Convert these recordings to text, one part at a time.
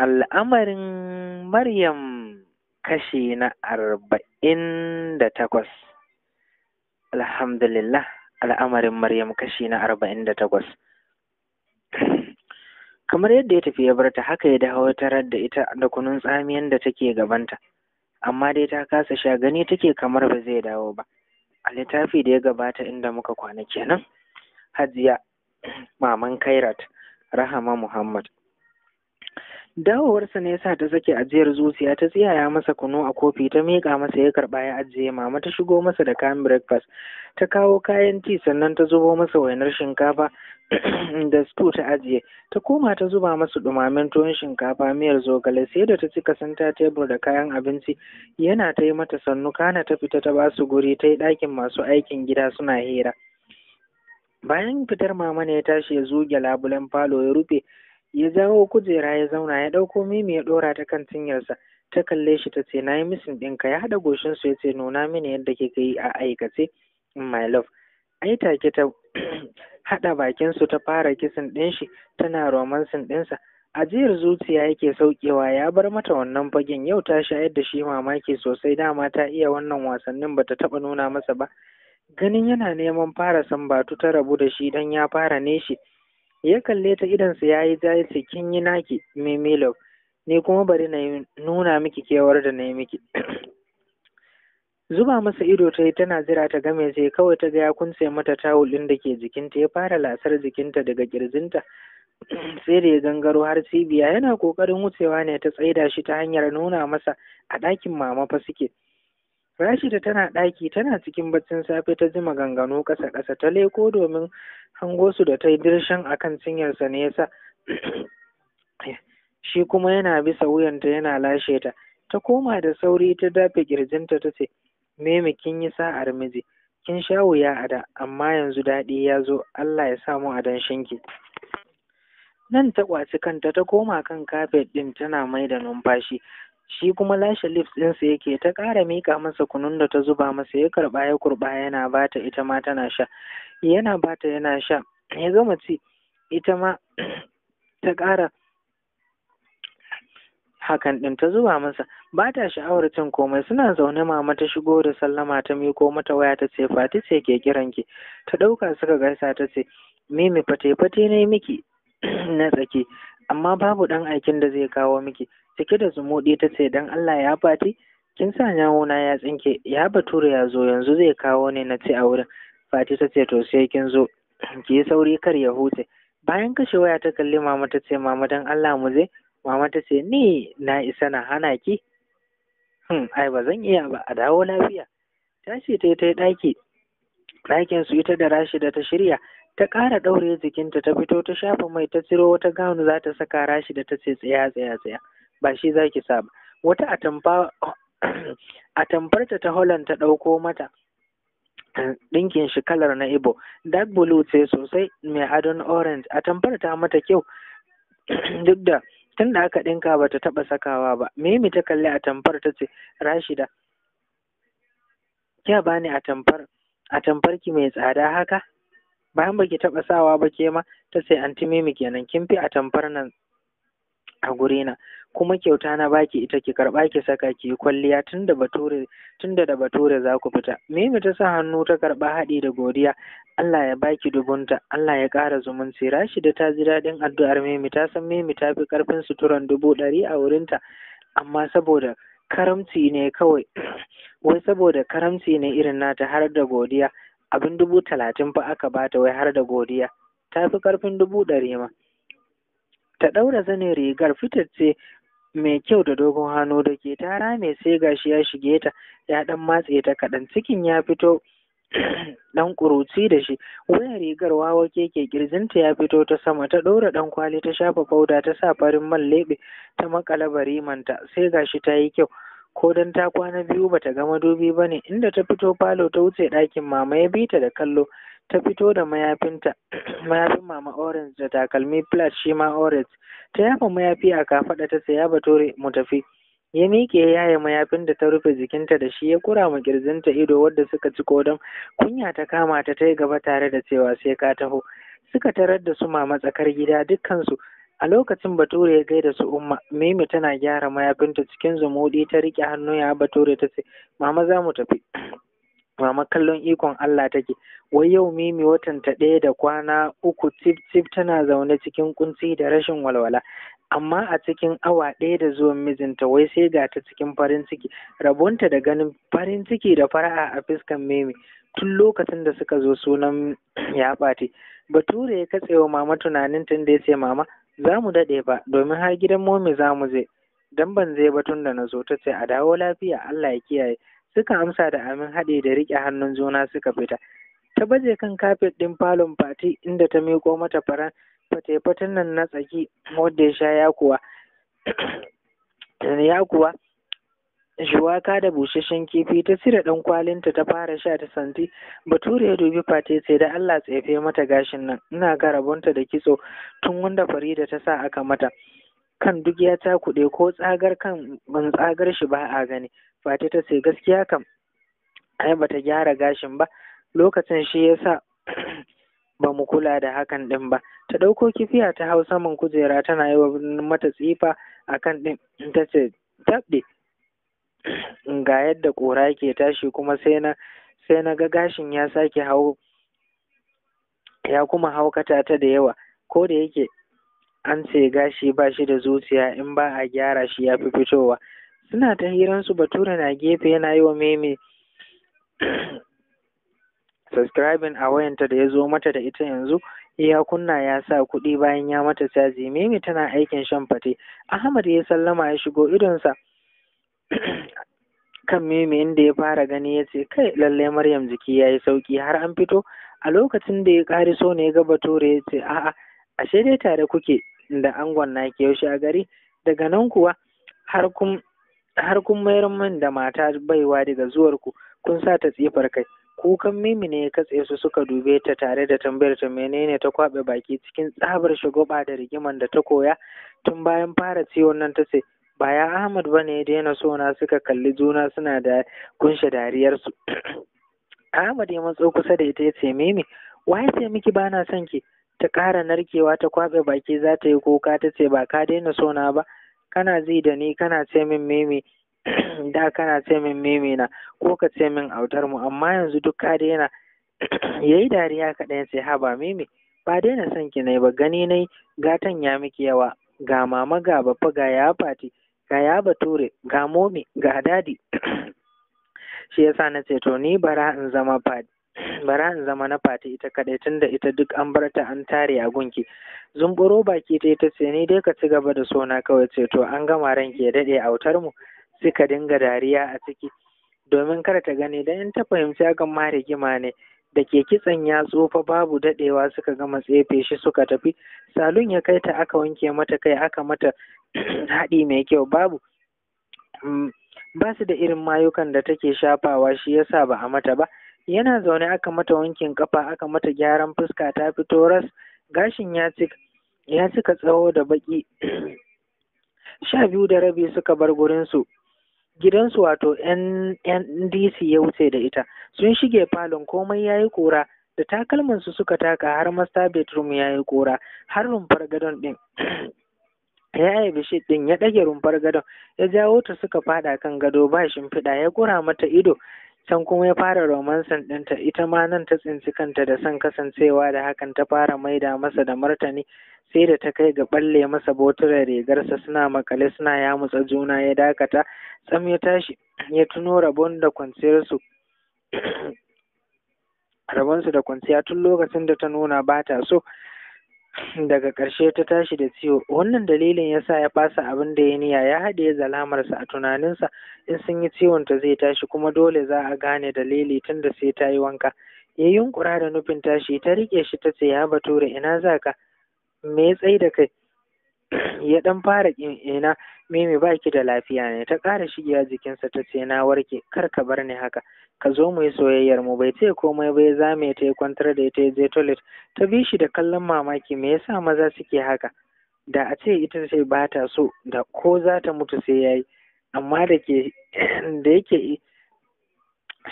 Al'amarin Maryam kashi na arba'in da takwas. Alhamdulillah, al'amarin Maryam kashi na arba'in da takwas. Kamar yadda ya tafi ya barta haka ya dawo tarar da ita da kunun tsamiyan da take gabanta, amma dai ta kasa sha gani take kamar ba zai dawo ba. A littafi da ya gabata inda muka kwana kenan, Hajiya Maman Kairat, Rahama Muhammad. dawowarsa ne yasa ta sake ajiyar zuciya ta tsiyaya masa kunu a kofi ta miƙa masa ya karɓa ya ajiye mama ta shigo masa da kayan breakfast ta kawo kayan ti sannan ta zubo masa wainar shinkafa da stew ta ajiye ta koma ta zuba masa dumamen tuwon shinkafa miyar zogale sai da ta ci kasanta tebur da kayan abinci yana ta yi mata sannu kana ta fita ta basu guri ta yi ɗakin masu aikin gida suna hira bayan fitar mama ne ya tashi ya zuge labulen falo ya rufe ya jawo kujera ya zauna ya ɗauko mimi ya ɗora ta kan cinyarsa ta kalle shi ta ce na yi misin ɗinka ya haɗa goshin su ya ce nuna mini yadda kika yi a aikace in my love ai take ta haɗa bakinsu ta fara kisan ɗin shi tana romansin ɗinsa ajiyar zuciya yake saukewa ya bar mata wannan fagen yau ta shayar da shi mamaki sosai dama ta iya wannan wasannin bata taɓa nuna masa ba ganin yana neman fara sambatu ta rabu da shi don ya fara neshi ya kalle ta idansa ya yi zai ce kin yi naki mimilo Ne kuma bari na nuna miki kewar da na yi miki zuba masa ido ta yi tana zira ta game sai kawai ta ga ya kunce mata tawul ɗin da ke jikinta ya fara lasar jikinta daga kirjinta sai da ya gangaro har cibiya yana kokarin wucewa ne ta tsaida shi ta hanyar nuna masa a ɗakin mama fa suke Rashida tana ɗaki tana cikin baccin safe ta ji maganganu ƙasa-ƙasa ta leko domin hango su da ta yi dirshan a kan cinyarsa ne yasa shi kuma yana bisa wuyanta yana lashe ta. Ta koma da sauri ta dafe ƙirjinta ta ce, Meme kin yi sa'ar miji, kin sha wuya a da, amma yanzu daɗi ya zo, Allah ya samu a danshinki. Nan ta kwaci kanta ta koma kan kafet ɗin tana mai da numfashi, shi kuma lashe lips sa yake ta ƙara miƙa masa kunun da ta zuba masa ya karɓa ya kurɓa yana bata ita ma tana sha yana bata yana sha ya gama ci ita ma ta ƙara hakan ɗin ta zuba masa ba ta sha'awar cin komai suna zaune mama ta shigo da sallama ta miko mata waya ta ce fati ce ke kiran ki ta ɗauka suka gaisa ta ce mimi fate fate ne miki na tsaki amma babu ɗan aikin da zai kawo miki cike da zumuɗi ta ce don Allah ya fati kin sa na ya tsinke ya bature ya zo yanzu zai kawo ne na ce a wurin fati ta ce to sai kin zo ki yi sauri kar ya huce bayan kashe waya ta kalli mama ta ce mama don Allah mu je mama ta ce ni na isa na hana ki hmm, ai ba zan iya ba a dawo lafiya tashi ta yi ta ɗaki ɗakin su ita da rashida ta shirya ta ƙara ɗaure jikinta ta fito ta shafa mai ta ciro wata gawun za ta saka rashida ta ce tsaya tsaya tsaya ba shi za ki sa ba wata atamfa atamfarta ta holland ta ɗauko mata ɗinkin shi kalar na ibo dark blue ce sosai mai adon orange atamfar ta mata kyau duk da tun da aka ɗinka ba ta taɓa sakawa ba mimi ta kalli atamfar ta ce rashida kya bani atamfar atamfar ki mai tsada haka bayan baki taɓa sawa ba ke ma ta ce anti mimi kenan kin fi atamfar nan a gurina kuma kyauta na baki ita ki karɓa ki saka ki yi kwalliya tunda bature tunda da bature za ku fita mimi ta sa hannu ta karɓa haɗi da godiya Allah ya baki dubunta Allah ya ƙara zumunci Rashida ta ji daɗin addu'ar mimi ta san mimi ta fi ƙarfin suturan dubu ɗari a wurinta amma saboda karamci ne kawai wai saboda karamci ne irin nata har da godiya abin dubu talatin fa aka bata wai har da godiya ta fi ƙarfin dubu ɗari ma ta ɗaura zanin rigar fitacce mai kyau da dogon hannu da ke ta rame sai gashi ya shige ta ya ɗan matse ta kaɗan cikin ya fito ɗan ƙuruci da shi wayar rigar wawa keke ƙirjinta ya fito ta sama ta ɗora ɗan kwali ta shafa fauda ta sa farin man leɓe ta makala barimanta sai gashi ta yi kyau ko dan ta kwana biyu bata ga madubi ba ne, inda ta fito falo ta wuce ɗakin mama ya bi ta da kallo ta fito da mayafinta mayafin mama orange da takalmi flat shi ma orange ta yafa mayafi a kafaɗa ta saya bature mu tafi ya miƙe yaye mayafin da ta rufe jikinta da shi ya kura ma kirjinta ido wadda suka ci kodon kunya ta kama ta ta yi gaba tare da cewa sai ka taho suka tarar da su mama tsakar gida dukkansu a lokacin bature ya gaida su umma mimi tana gyara mayafinta cikin zumuɗi ta riƙe hannu ya bature ta ce mama za mu tafi mama kallon ikon Allah take wai yau mimi watan ta ɗaya da kwana uku cif tana zaune cikin kunci da rashin walwala amma a cikin awa ɗaya da zuwan mijinta wai sai ga ta cikin farin ciki rabonta da ganin farin ciki da fara'a a fuskan mimi tun lokacin da suka zo sunan ya ɓate bature ya katse wa mama tunanin tun da ya ce mama za mu daɗe ba domin har gidan momi za mu je dan ban zai ba tun da na zo ta ce a dawo lafiya Allah ya kiyaye suka amsa da amin haɗe da riƙe hannun juna suka fita ta baje kan kafet ɗin falon fati inda ta miƙo mata faran fatefaten nan na tsaki wadda ya sha ya kuwa shuwaka da busasshen kifi ta cire ɗan kwalinta ta fara sha ta santi bature ya dubi fate sai da Allah tsefe mata gashin nan ina ga da kitso tun wanda farida ta sa aka mata kan duk ya cakuɗe ko tsagar kan ban tsagar shi ba a gani Fati ta ce gaskiya kam ai bata gyara gashin ba lokacin shi yasa ba mu kula da hakan ɗin ba ta ɗauko kifiya ta hau saman kujera tana yi wa mata tsifa a kan ɗin ta ce tabɗe ga yadda ƙura ke tashi kuma sai na sai na ga gashin ya sake hau ya kuma haukata ta da yawa ko da yake an ce gashi ba shi da zuciya in ba a gyara shi ya fi fitowa suna ta su bature na gefe yana yi wa meme subscribing a wayanta da ya zo mata da ita yanzu ya kunna ya sa kuɗi bayan ya mata caji meme tana aikin shan fate ahmad ya sallama ya shigo idonsa kan meme inda ya fara gani ya ce kai lallai maryam jiki ya yi sauki har an fito a lokacin da ya ƙari so ne ya ga bature ya ce a'a ashe dai tare kuke da angon naki yaushe a gari daga nan kuwa har kun har kun mayar min da mata baiwa daga zuwar ku kun sa ta tsifar kai kukan mimi ne ya katse su suka dube ta tare da tambayar ta menene ta kwaɓe baki cikin tsabar shagwaba da rigiman da ta koya tun bayan fara ciwon nan ta ce ba ya ahmad ba ne ya daina sona suka kalli juna suna da kunshe dariyarsu ahmad ya matso kusa da ita ya ce mimi waye ce miki bana son ki ta ƙara narkewa ta kwaɓe baki za ta yi kuka ta ce ba ka daina sona ba kana ji da ni kana ce min meme da kana ce min meme na ko ka ce min autar mu amma yanzu duk ka daina yayi dariya kaɗai, sai ba meme ba daina san ki nai ba gani nai gatan ya miki yawa ga mama ga bafa ga ya fati ga ya bature ga momi ga dadi shi yasa na ce to ni bara in zama fati bara in zama na fati ita kadai tun da ita duk an bar ta an tare a gunki zumburo baki ta ita ce ni dai ka ci gaba da sona kawai ce to an gama ranke ya dade autar mu suka dinga dariya a ciki domin kar ta gani dan in ta fahimci hakan ma rigima ne da ke kitsan ya tsofa babu dadewa suka gama tsefe shi suka tafi salon ya kai ta aka wanke mata kai aka mata haɗi mai kyau babu mm, ba su da irin mayukan da take shafawa shi yasa ba a mata ba yana zaune aka mata wankin kafa aka mata gyaran fuska ta fito ras gashin ya cika ya cika tsawo da baki sha biyu da rabi suka bar gurinsu gidansu wato ndc ya wuce da ita sun shige falon komai ya yi kura da takalmansu suka taka har master bedroom ya yi kura har rumfar gadon ɗin ya yi bishit ɗin ya ɗage rumfar gadon ya jawo ta suka fada kan gado ba shimfiɗa ya kura mata ido can kuma ya fara romansin ɗinta ita ma nan ta tsinci kanta da son kasancewa da hakan ta fara maida masa da martani sai da ta kai ga balle masa botular rigarsa suna makale suna ya yamutsa juna ya dakata tsam ya tashi ya tuno rabon da kwanciyarsu rabonsu da kwanciya tun lokacin da ta nuna bata so daga ƙarshe ta tashi da ciwo wannan dalilin ya sa ya fasa abin da ya niya ya haɗiye zalamarsa a tunaninsa in sun yi ciwon ta zai tashi kuma dole za a gane dalili tun da sai ta yi wanka ya yunkura da nufin tashi ta riƙe shi ta ce ya bature ina za ka me tsai da kai ya ɗan fara ina Mimi ba ki da lafiya ne, ta ƙara shigiya jikinsa ta ce na warke, kar ka bar ni haka, ka zo mu yi soyayyar mu bai ce komai bai zame ta yi kwantar da ita ya je toilet, ta bi shi da kallon mamaki me yasa maza suke haka, da a ce ita ce ba ta so da ko za ta mutu sai ya yi, amma da ke da yake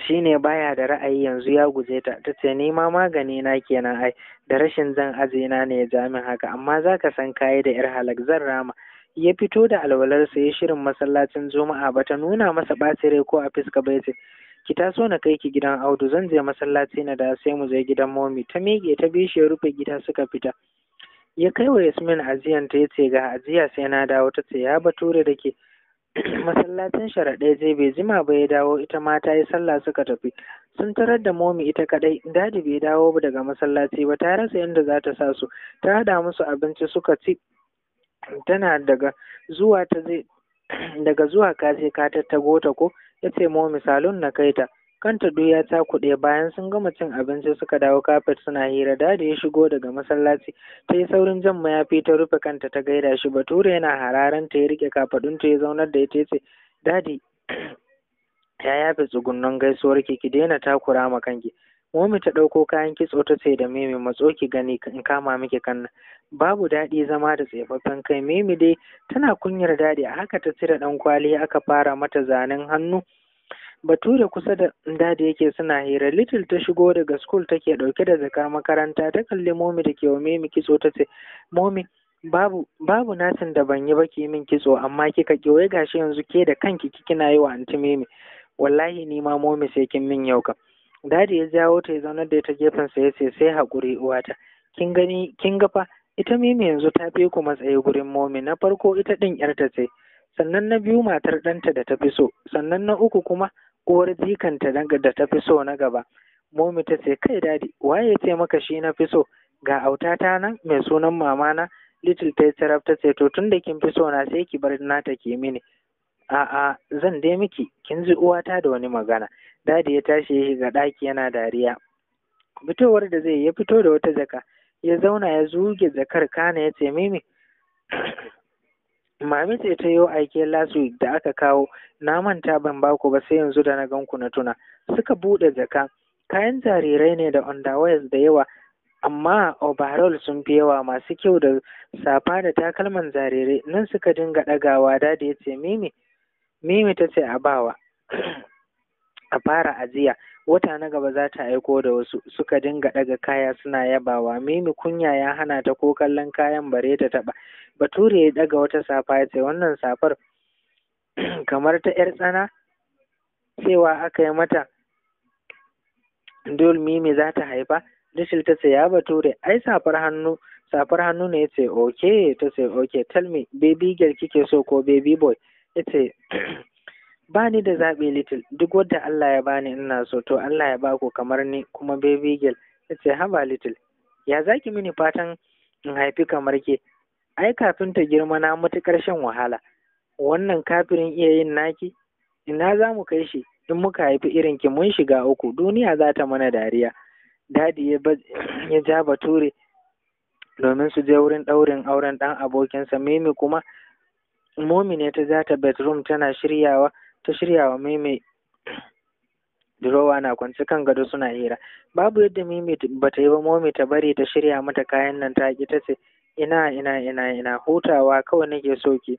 shi ne baya da ra'ayi yanzu ya guje ta ta ce ni ma magani na kenan ai da rashin zan azina ne ya ja haka amma za ka san kayi da yar halak zan rama ya fito da alwalarsa ya shirin masallacin juma'a bata nuna masa ɓacin ko a fiska ba ce ki so na kai ki gidan audu zan je masallaci na da sai mu je gidan momi ta miƙe ta bi shi ya rufe gida suka fita ya kai wa yasmin ajiyan ta yace ga ajiya sai na dawo ta ce ya bature da ke masallacin sharaɗai je bai jima ba ya dawo ita ma ta sallah suka tafi sun tarar da momi ita kadai dadi bai dawo daga masallaci ba ta rasa inda za ta sa su ta hada musu abinci suka ci tana daga zuwa ta zai daga zuwa ka sai ka tattago ta ko ya ce mo misalun na kai ta kanta duk ya kuɗe, bayan sun gama cin abinci suka dawo kafet suna hira dadi ya shigo daga masallaci ta yi saurin jan mayafi ta rufe kanta ta gaida shi bature yana hararen ta ya rike kafadun ta ya zaunar da ita ce dadi ya yafe tsugunnan gaisuwar ki ki daina takura ma kanki momi ta ɗauko kayan kitso ta ce da mimi matso ki gani in kama miki kanna babu daɗi zama da tsefaffen kai mimi dai tana kunyar daɗi a haka ta cire ɗan kwali aka fara mata zanen hannu da kusa da dadi yake suna hira little ta shigo daga school take ɗauke da zakar makaranta ta kalli momi da ke wa kitso ta ce momi babu babu natin da ban yi ba ki min kitso amma kika ki wai gashi yanzu ke da kanki kina yi wa anti memi. wallahi ni ma momi sai kin min yau kam dadi ya jawo ta ya zaunar da ta gefen sa yace sai haƙuri uwata kin gani kin ga fa ita mimi yanzu ta fi ku matsayi gurin momi na farko ita ɗin yarta ce sannan na biyu matar ɗanta da ta fi so sannan na uku kuma uwar jikanta da ta fi so na gaba momi ta ce kai dadi waye ce maka shi na fi so ga autata nan mai sunan mamana little ta taraf ta ce to tun da kin fi so na sai ki bar na ta ke mini a'a zan dai miki kin ji uwata da wani magana dadi ya tashi ya shiga ɗaki yana dariya fitowar da zai ya fito da wata jaka ya zauna ya zuge jakar kana ya ce mimi mami ce ta yi aike last da aka kawo na manta ban baku ba sai yanzu da na ganku na tuna suka buɗe jaka kayan jarirai ne da underwears da yawa amma overall sun fi yawa masu kyau da safa da takalman jarirai nan suka dinga ɗagawa da ya ce mimi mimi ta ce a bawa a fara ajiya Wata na gaba za ta aiko da wasu, suka dinga ɗaga kaya suna yabawa. Mimi kunya ya hana ta ko kallon kayan bare ta taɓa. Bature ya ɗaga wata safa ya ce wannan safar kamar ta ‘yar tsana cewa aka yi mata dole Mimi za ta haifa. Rishil ta ce ya bature ai safar hannu safar hannu ne ya ce ta ce "Ok tell me baby girl kike so ko baby boy ya ce ba ni da zaɓi little duk wadda Allah ya bani ina so to Allah ya ba ku kamar ni kuma baby girl ta ce haba little ya zaki mini fatan in haifi kamar ke ai kafin ta girma na matuƙar shan wahala wannan kafirin iya yin naki ina za mu kai shi in muka haifi irin ki mun shiga uku duniya za ta mana dariya dadi ya ja bature domin su je wurin ɗaurin auren ɗan abokinsa mimi kuma momi ne ta zata bedroom tana shiryawa ta shirya wa maimai durowa na kwance kan gado suna hira babu yadda mimi ba ta yi ba momi ta bari ta shirya mata kayan nan ta ki ta ce ina ina ina ina hutawa kawai nake so ki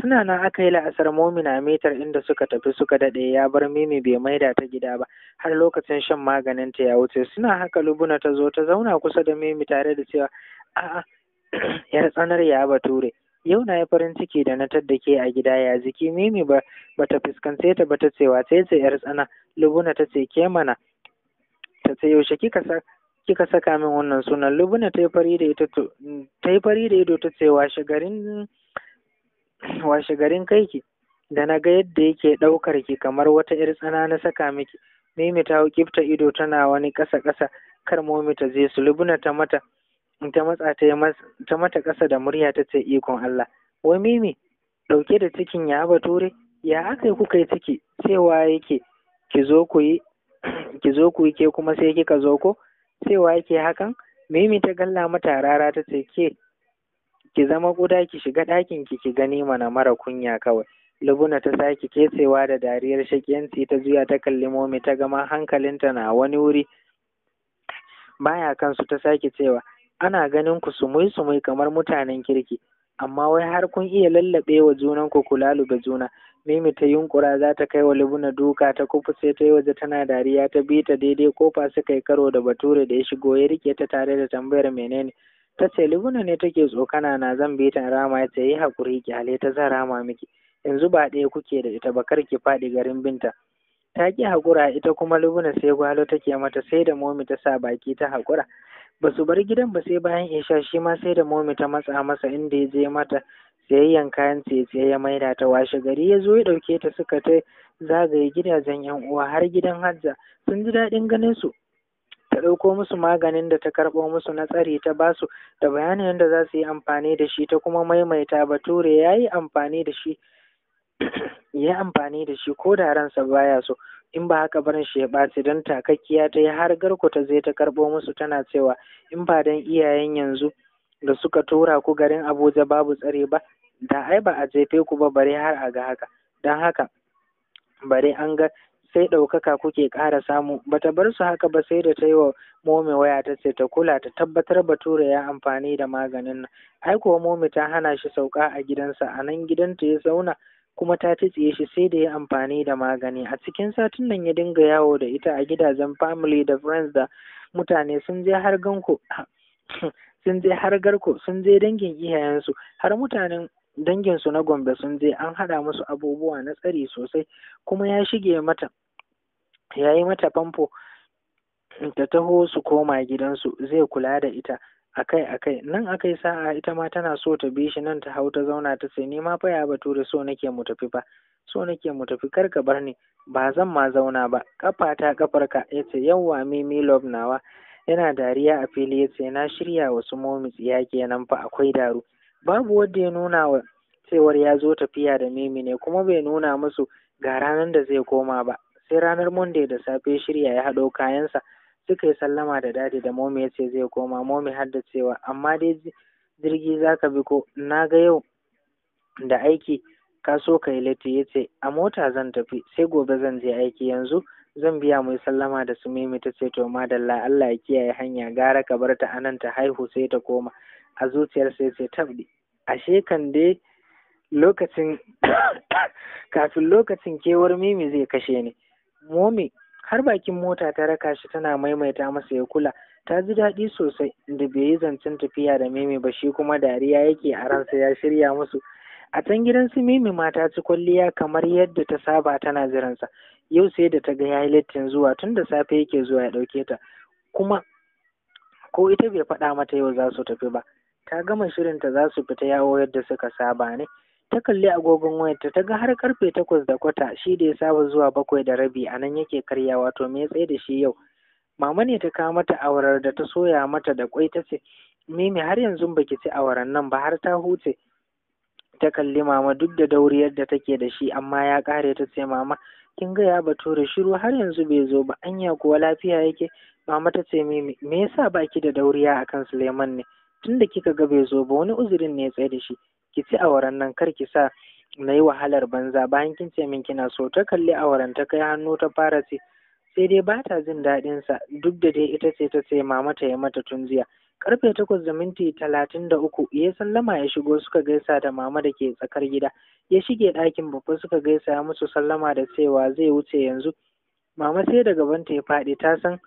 suna nan aka yi la'asar momi na mitar inda suka tafi suka daɗe ya bar mimi bai maida ta gida ba har lokacin shan maganin ta ya wuce suna haka lubuna ta zo ta zauna kusa da mimi tare da cewa a'a yar tsanar ya bature yau na ya farin ciki da na tadda ke a gida ya jiki mimi ba ta fuskance ta ba ta ce wace ce yar tsana lubuna ta ce ke mana ta ce yaushe kika sa kika saka min wannan sunan lubuna ta yi fari da ita ta yi fari da ido ta ce washe garin washe garin kaiki da na ga yadda yake ɗaukar ki kamar wata yar tsana na saka miki mimi ta kifta ido tana wani ƙasa ƙasa kar momi ta je su lubuna ta mata ta matsa ta yi mata ƙasa da murya ta ce ikon Allah wai mimi ɗauke da cikin ya bature ya aka yi kuka yi ciki cewa yake ki zo ku yi ki zo ku yi ke kuma sai kika zo ko cewa yake hakan mimi ta galla mata rara ta ce ke ki zama guda ki shiga ɗakin ki ki gani mana mara kunya kawai Lubuna ta sake kesewa da dariyar shakiyanci ta zuya ta kalli momi ta gama hankalinta na wani wuri baya kansu ta sake cewa ana ganin ku sumai-sumai kamar mutanen kirki amma wai har kun iya lallaɓe wa junan ku lalube juna Mimi ta yunkura za ta kai wa libuna duka ta sai ta yi waje tana dariya ta bi ta daidai kofa su kai karo da Bature da ya shigo ya rike ta tare da tambayar menene ta ce libuna ne take tsokana na zan bi ta rama ya ce yi hakuri ki hale ta zan rama miki yanzu ba ɗaya kuke da ita ba kar ki faɗi garin binta ta ki haƙura ita kuma lubuna sai gwalo take mata sai da momi ta sa baki ta haƙura ba su bar gidan ba sai bayan isha shi ma sai da momi ta matsa masa inda ya je mata sayayyan kayan tsaye ya maida ta washe gari ya zo ya ɗauke ta suka ta zagaye gidajen yan uwa har gidan hajja sun ji daɗin ganin su ta ɗauko musu maganin da ta karɓo musu na tsari ta basu da bayanin da za su yi amfani da shi ta kuma maimaita bature ya yi amfani da shi ya yi amfani da shi ko da ransa baya so in ba haka barin shi ya ɓaci don takakkiya ta yi har garku ta zai ta karɓo musu tana cewa in ba don iyayen yanzu da suka tura ku garin abuja babu tsare ba da ai ba a jefe ku ba bare har a ga haka don haka bare an ga sai ɗaukaka kuke ƙara samu ba ta bar su haka ba sai da ta yi wa momi waya ta ce ta kula ta tabbatar bature ya amfani da maganin nan ai kuwa momi ta hana shi sauka a gidansa a nan gidanta ya zauna kuma ta tsiye shi sai da ya amfani da magani a cikin satin nan ya dinga yawo da ita a gidajen family da friends da mutane sun je har ganko sun je har garko sun je dangin iyayensu har mutanen danginsu na gombe sun je an haɗa musu abubuwa na tsari sosai kuma ya shige mata ya yi mata famfo ta taho su koma gidansu zai kula da ita akai akai nan akai sa'a ita ma tana so ta bi shi nan ta hau ta zauna ta ce ni ma fa ya bature so nake mu tafi fa so nake mu tafi kar ka bar ni ba zan ma zauna ba kafa ta kafar ka yace yawwa mimi love nawa yana dariya a fili yace na shirya wasu momits ya kenan fa akwai daru babu wanda ya nuna wa cewar ya zo tafiya da mimi ne kuma bai nuna musu ga ranar da zai koma ba sai ranar monday da safe shirya ya haɗo kayansa suka yi sallama da dadi da momi ya ce zai koma momi har da cewa amma dai jirgi za ka bi ko na ga yau da aiki ka so ka yi lati ya ce a mota zan tafi sai gobe zan je aiki yanzu zan biya mai sallama da su mimi ta ce to madalla Allah ya kiyaye hanya gara ka bar ta anan ta haihu sai ta koma a zuciyar sai ce tabdi ashe kan dai lokacin kafin lokacin kewar mimi zai kashe ni momi har bakin mota ta raka shi tana maimaita masa ya kula ta ji daɗi sosai da bai yi zancen tafiya da mimi ba shi kuma dariya yake a ransa ya shirya musu a can gidan su mimi ma ta ci kwalliya kamar yadda ta saba tana jiransa yau sai da ta ga ya yi zuwa tun da safe yake zuwa ya ɗauke ta kuma ko ita bai faɗa mata yau za su tafi ba ta gama shirinta za su fita yawo yadda suka saba ne ta kalli agogon wayarta ta ga har karfe takwas da kwata shi da ya saba zuwa bakwai da rabi a nan yake karya wato me tsaye da shi yau mama ne ta kawo mata awarar da ta soya mata da kwai ta ce mimi har yanzu baki ci awaran nan ba har ta huce ta kalli mama duk da dauriyar da take da shi amma ya kare ta ce mama kin ga ya bature shiru har yanzu bai zo ba anya kuwa lafiya yake mama ta ce mimi me yasa baki da dauriya akan Suleiman ne tunda kika ga bai zo ba wani uzurin ne ya tsaye da shi ki ci awaran nan kar ki sa na yi wahalar banza bayan kin ce min kina so ta kalli awaran ta kai hannu ta fara ce sai dai ba ta jin daɗin sa duk da dai ita ce ta ce mama ta yi mata tun jiya karfe takwas da minti talatin da uku ya sallama ya shigo suka gaisa da mama da ke tsakar gida ya shige ɗakin babba suka gaisa ya musu sallama da cewa zai wuce yanzu mama sai da gabanta ya faɗi ta san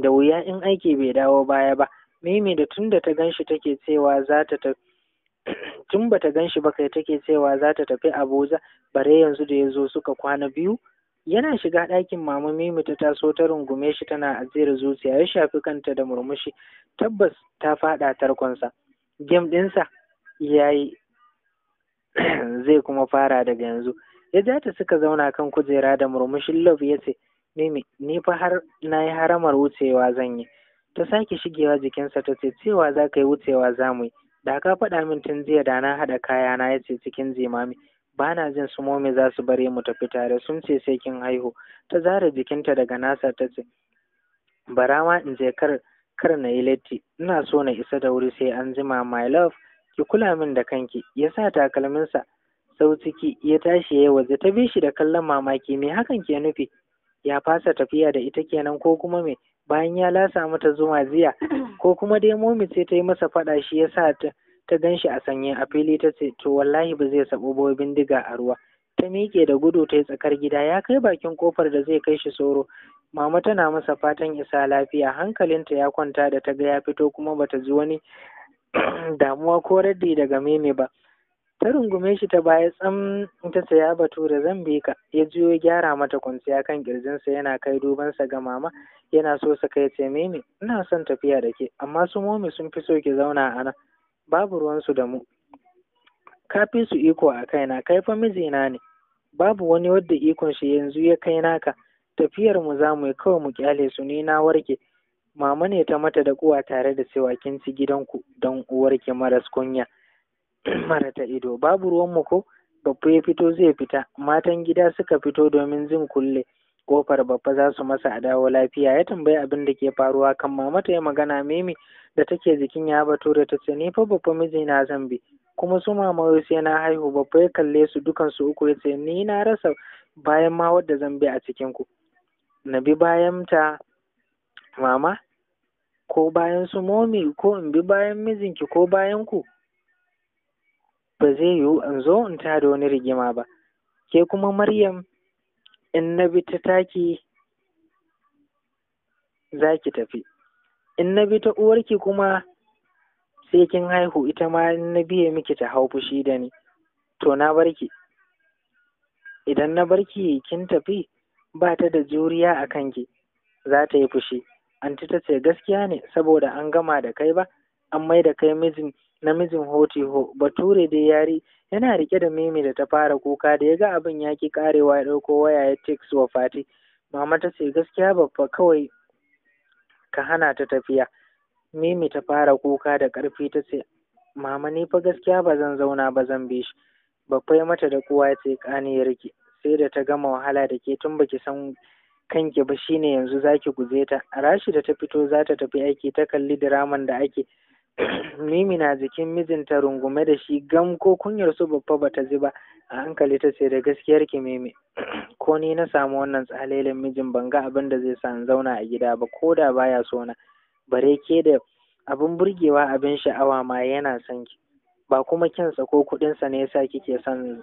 da wuya in aiki bai dawo baya ba mimi da tun da ta ganshi take cewa za ta tafi tun bata gan shi ba kai take cewa za ta tafi Abuja bare yanzu da ya zo suka kwana biyu yana shiga ɗakin mama Mimi ta taso ta rungume shi tana ajiyar zuciya ya shafi kanta da murmushi tabbas ta faɗa tarkonsa gem ɗinsa yayi zai kuma fara daga yanzu ya ja ta suka zauna kan kujera da murmushin love ya ce mimi ni fa har na yi haramar wucewa zan yi ta sake shigewa jikinsa ta ce cewa za ka yi wucewa za mu yi da ka faɗa min tun jiya da na haɗa kayana ya ce cikin jimami ba na jin su momi za su bare mu tafi tare sun ce sai kin haihu ta zara jikinta daga nasa ta ce bara ma in je kar kar na yi latti ina so na isa da wuri sai an jima my love ki kula min da kanki ya sa takalminsa sau ciki ya tashi ya waje ta bi shi da kallon mamaki me hakan ke nufi ya fasa tafiya da ita kenan ko kuma me bayan ya lasa mata zuma ziya ko kuma dai momi ce ta yi masa faɗa shi ya sa ta gan shi a sanye a fili ta ce to wallahi ba zai sabo ba bindiga a ruwa ta miƙe da gudu ta yi tsakar gida ya kai bakin kofar da zai kai shi soro mama tana masa fatan isa lafiya hankalinta ya kwanta da ta ga ya fito kuma bata ji wani damuwa ko raddi daga meme ba ta rungume shi ta baya tsam ta saya da zan bi ka ya juyo gyara mata kwanciya kan kirjinsa yana kai dubansa ga mama yana so sa kai ce meme ina son tafiya da ke amma su momi sun fi so ki zauna a nan babu ruwansu da mu ka fi su iko a kaina kai fa mijina ne babu wani wadda ikon shi yanzu ya kai naka tafiyar mu za mu yi kawai mu kyale su ni na warke mama ne ta mata da kuwa tare da cewa kin ci gidanku dan uwarki maras kunya mana ta ido babu ruwanmu ko babba ya fito zai fita matan gida suka fito domin zin kulle kofar babba za su masa a dawo lafiya ya tambayi abin da ke faruwa kan mama ya magana mimi da take jikin ya bato ta ce ni fa babba mijina zan bi kuma su mamaye sai na haihu babba ya kalle su dukan su uku ya ce ni na rasa bayan ma wadda zan bi a cikin ku na bi bayan ta mama ko bayan su momi ko in bi bayan mijinki ko bayan ku ba zai yiwu in zo in da wani rigima ba ke kuma maryam in na bi ta taki za ki tafi in na bi ta uwarki kuma sai kin haihu ita ma in na biye miki ta hau fushi da ni to na barki idan na barki kin tafi ba ta da juriya a kanki za ta yi fushi an ta ce gaskiya ne saboda an gama da kai ba an mai da kai mijin namijin Ho-Ti-Ho, bature dai yari yana rike da mimi da ta fara kuka da ya ga abin ya ki karewa ya ɗauko waya ya ce wa fati mama ta ce gaskiya babba kawai ka hana ta tafiya mimi ta fara kuka da karfi ta ce mama ni fa gaskiya ba zan zauna ba zan bi shi babba ya mata da kowa ya ce kani ya rike sai da ta gama wahala da ke tun baki san kanki ba shine yanzu zaki guje ta Rashida ta fito za ta tafi aiki ta kalli diraman da ake Mimi na jikin mijinta rungume da shi gam ko kunyar su babba bata ji ba a hankali ta ce da gaskiyar ki Mimi ko ni na samu wannan tsalelin mijin ban ga abin da zai sa in zauna a gida ba ko da baya so na bare ke da abin burgewa abin sha'awa ma yana son ki ba kuma kinsa ko kuɗinsa ne yasa kike son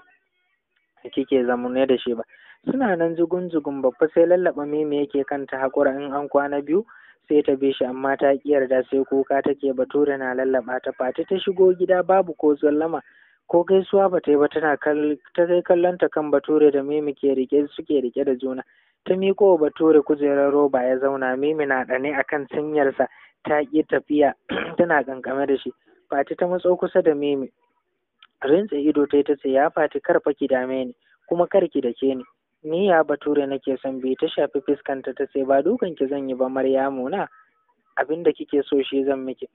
kike zamune da shi ba suna nan jugun jugun babba sai lallaba mimi yake kanta hakura in an kwana biyu sai ta bi shi amma ta ki yarda sai kuka take bature na lallaba ta fati ta shigo gida babu ko zallama ko gaisuwa ba ta yi ba tana ta kai kallon ta kan bature da mimi ke rike suke rike da juna ta miƙo bature kujerar roba ya zauna mimi na ɗane akan cinyarsa ta ƙi tafiya tana kankame da shi fati ta matso kusa da mimi rinse ido ta ta ce ya fati kar fa ki dame ni kuma kar ki dake ni Ni ya bature nake son bi ta shafi fuskanta ta ce ba dukan ki zan yi ba Maryamu na abin da kike so shi zan miki.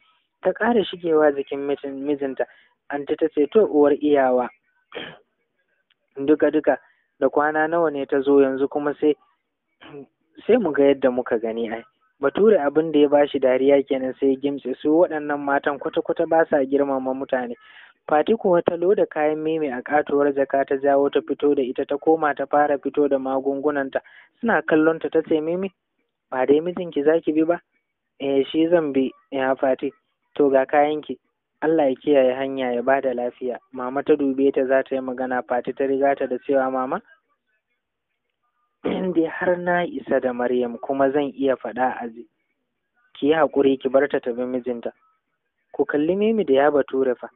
Ta ƙara shigewa jikin mijinta, Anta ta ce to uwar iyawa. duka duka da kwana nawa ne ta zo yanzu kuma sai sai mu ga yadda muka gani ai. Bature abin da ya bashi dariya kenan sai gimtse su waɗannan matan kwata-kwata ba sa girmama mutane. Fati kuwa ta loda kayan meme a katuwar jaka ta jawo ta fito da ita ta koma ta fara fito da magungunanta suna kallon ta ce meme ba dai mijinki zaki bi ba eh shi zan bi ya Fati to ga kayanki Allah ya kiyaye hanya ya bada lafiya mama ta dube ta za ta yi magana Fati ta riga ta da cewa mama in dai har na isa da Maryam kuma zan iya faɗa a ji ki yi haƙuri ki bar ta ta bi mijinta ku kalli meme da ya bature fa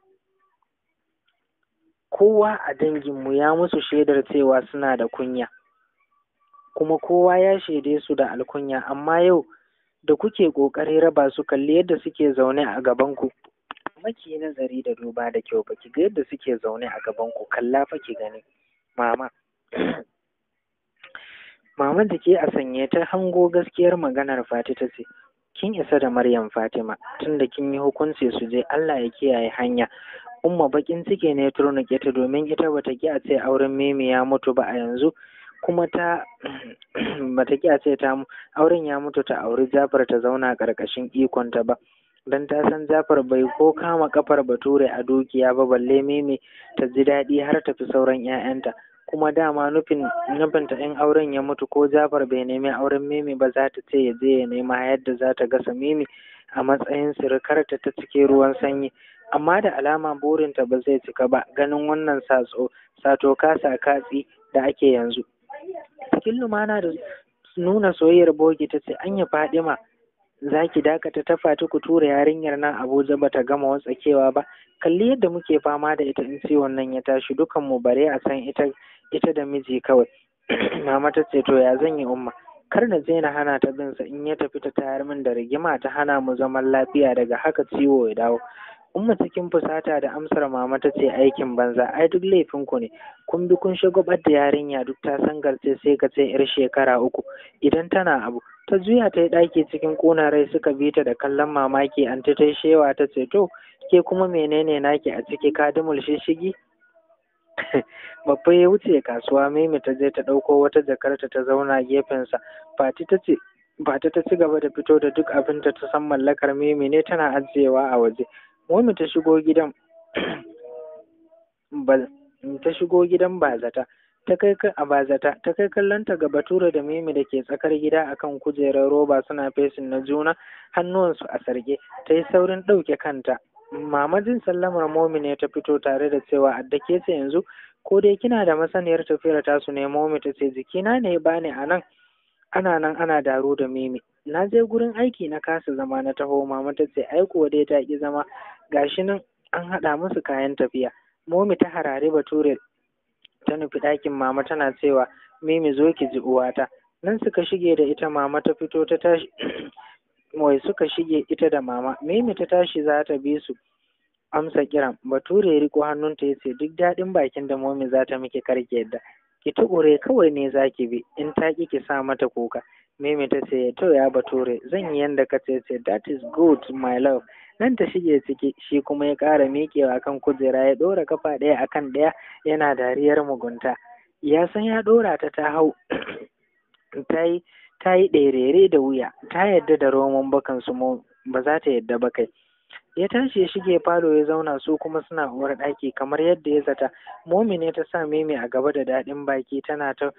kowa a danginmu ya musu shaidar cewa suna da kunya kuma kowa ya shaide su da alkunya amma yau da kuke ƙoƙari raba su kalli yadda suke zaune a gabanku kuma ki nazari da duba da kyau ba ki ga yadda suke zaune a gabanku kalla fa ki gani mama mama da ke a sanye ta hango gaskiyar maganar fati ta ce kin isa da maryam fatima tunda kin yi hukunci su je allah ya kiyaye hanya umma bakin ciki ne ya ta domin ita bata ki a ce auren meme ya mutu ba a yanzu kuma ta bata ki a ce ta auren ya mutu ta auri jafar ta zauna karkashin ikonta ba don ta san jafar bai ko kama kafar bature a dukiya ba balle meme ta ji daɗi har tafi sauran 'ya'yanta kuma dama nufin nufinta in auren ya mutu ko jafar bai nemi auren mimi ba za ta ce ya je ya nema yadda za ta gasa mimi a matsayin sirikarta ta cikin ruwan sanyi amma da alama burinta ba zai cika ba ganin wannan sato kasa katsi da ake yanzu cikin lumana da nuna soyayyar bogi ta ce anya fadima za ki dakata ta fati ku tura yarinyar nan abuja ba ta gama watsakewa ba kalli yadda muke fama da ita in ciwon nan ya tashi dukan mu bare a san ita ita da miji kawai mama ta ce to ya zan yi umma kar na je na hana ta binsa in ya tafi ta tayar min da rigima ta hana mu zaman lafiya daga haka ciwo ya dawo Umma cikin fusata da amsar mama ta ce aikin banza, ai duk laifin ku ne. Kun bi kun shagwabar da yarinya duk ta san garce sai ka ce yar shekara uku idan tana abu. Ta juya ta yi ɗaki cikin ƙona suka bi ta da kallon mamaki an ta ta shewa ta ce to ke kuma menene naki a ciki kadimul shishigi? Babba ya wuce kasuwa Mimi ta je ta ɗauko wata jakarta ta zauna gefensa. Fati ta ce Bata ta ci gaba da fito da duk abin ta san mallakar Mimi ne tana ajiyewa a waje. momi ta shigo gidan ta shigo gidan bazata ta kai a bazata ta kai kallonta ga bature da mimi da ke tsakar gida a kan kujerar roba suna fesin na juna hannuwansu a sarge ta yi saurin ɗauke kanta mama jin sallamar momi ne ta fito tare da cewa ke ta yanzu ko dai kina da masaniyar tafiyar tasu ne momi ta ce jikina ne ba ne a nan ana nan ana daro da mimi na je gurin aiki na kasa zama na taho mama ta ce ai kuwa dai ta ki zama Ga shi nan an haɗa musu kayan tafiya momi ta harare bature ta nufi ɗakin mama tana cewa mimi zo ki ji uwata nan suka shige da ita mama ta fito ta tashi wai suka shige ita da mama mimi ta tashi za ta bi su amsa kiran bature ya riko hannunta ya ce duk daɗin bakin da momi za ta miki karki yadda ki tuƙure kawai ne za ki bi in ta ki ki sa mata kuka Mimi ta ce, To ya bature, zan yi yanda ka ce That is good, my love. Nan ta shige ciki, shi kuma ya ƙara miƙewa kan kujera ya ɗora kafa ɗaya akan ɗaya yana dariyar mugunta. Ya san ya ɗora ta ta hau, ta yi ta ɗerere da wuya, ta yadda da roman bakan su mu ba za ta yadda ba kai. Ya tashi ya shige falo ya zauna su kuma suna uwar ɗaki kamar yadda ya zata. Momi ne ta sa Mimi a gaba da daɗin baki tana ta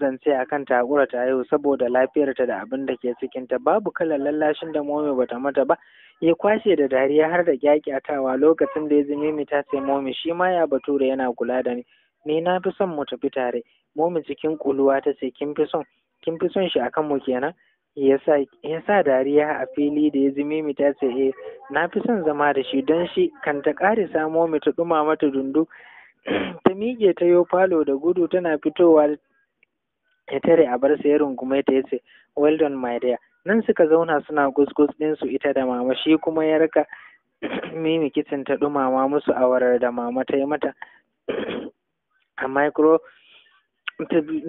zance akan kan takura ta haihu saboda lafiyarta da abin da ke cikinta babu kalan lallashin da momi bata mata ba ya kwashe da dariya har da kyakyatawa lokacin da ya ji mimi ta ce momi shi ma ya bature yana kula da ni ni na fi son mu tafi tare momi cikin kuluwa ta ce kin fi son kin fi son shi a kanmu kenan ya sa dariya a fili da ya ji mimi ta ce eh na fi son zama da shi don shi kan ta ƙarisa momi ta ɗuma mata dundu ta miƙe ta yo falo da gudu tana fitowa ya tare a bar sai rungume ta yace ce well done my dear nan suka zauna suna gusgus ɗinsu ita da mama shi kuma ya raka mimi kitchen ta dumama musu awarar da mama ta yi mata a micro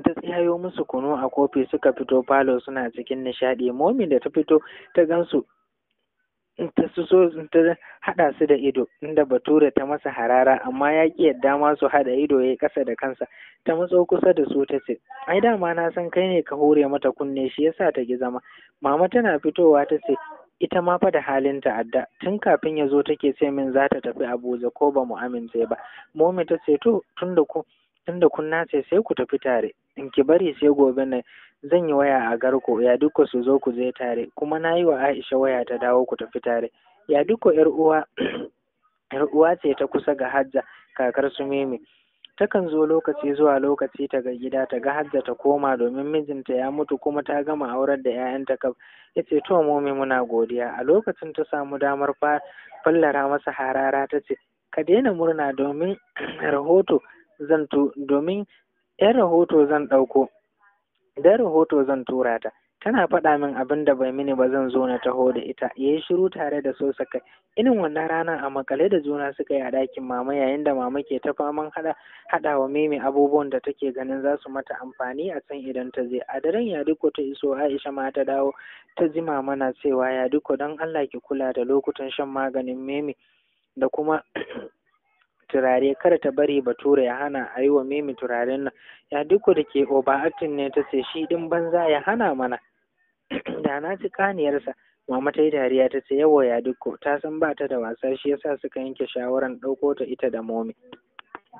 ta tsayayo musu kunu a kofi suka fito falo suna cikin nishadi momi da ta fito ta gansu ta ta haɗa su da ido inda bature ta masa harara amma ya ƙi yadda ma su haɗa ido ya ƙasa da kansa ta matso kusa da su ta ce ai dama na san kai ne ka hore mata kunne shi yasa ta ki zama mama tana fitowa ta ce ita ma fa da halin ta'adda tun kafin ya zo take ce min za ta tafi abuja ko ba mu amince ba momi ta ce to tun da ku tunda kun nace sai ku tafi tare in ki bari sai gobe nan zan yi waya a garko ya duka su zo ku je tare kuma na yi wa Aisha waya ta dawo ku tafi tare ya duka yar uwa yar uwa ce ta kusa ga Hajja kakar su Meme takan zo lokaci zuwa lokaci ta ga gida ta ga Hajja ta koma domin mijinta ya mutu kuma ta gama aurar da 'ya'yanta kaf ce to momi muna godiya a lokacin ta samu damar fallara masa harara ta ce ka daina murna domin rahoto zan tu domin ‘yan rahoto zan ɗauko, dan rahoto zan tura ta. Tana faɗa min abin da bai mini ba zan zo na taho da ita, ya yi shiru tare da so saka Irin wannan ranar a makale da juna suka yi a ɗakin mama yayin da mama ke ta faman haɗa haɗa wa Mimi abubuwan da take ganin za su mata amfani a can idan ta je. A daren Yadiko ta iso Aisha ma ta dawo ta jima mana na cewa Yadiko don Allah ki kula da lokutan shan maganin Mimi da kuma turare kada ta bari bature ya hana a yi wa mimi turaren nan ya duk da ke Oba oba'atin ne ta ce shi din banza ya hana mana da na ci kaniyarsa mama ta yi dariya ta ce yawa ya dukko ta san ba ta da wasa shi yasa suka yanke shawaran ɗauko ta ita da momi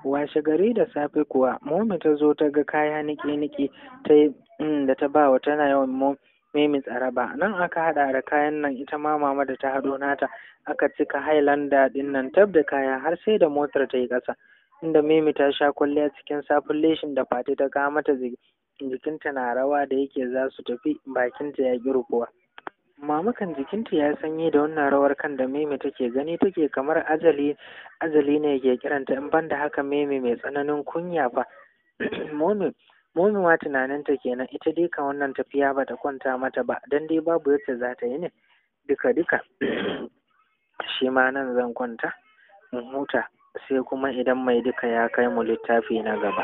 washe gari da safe kuwa momi ta zo ta ga kaya niki-niki ta yi mm, da ta ba wa tana yawan momi Mimi tsaraba nan aka haɗa da kayan nan ita ma mama da ta haɗo nata aka cika hailanda din nan tab da kaya har sai da motar ta yi ƙasa inda mimi ta sha kwalliya cikin safin leshin da fati ta ga mata jikinta na rawa da yake za su tafi bakinta ya ƙi mama mamakan jikinta ya sanyi da wannan rawar kan da Mimi take gani take kamar ajali ajali ne ke kiranta in banda haka Mimi mai tsananin kunya fa munuwa tunaninta kenan ita dai ka wannan tafiya ba ta kwanta mata ba don dai babu yadda za ta yi ne duka duka shi ma nan zan kwanta in huta sai kuma idan mai duka ya kai mu littafi na gaba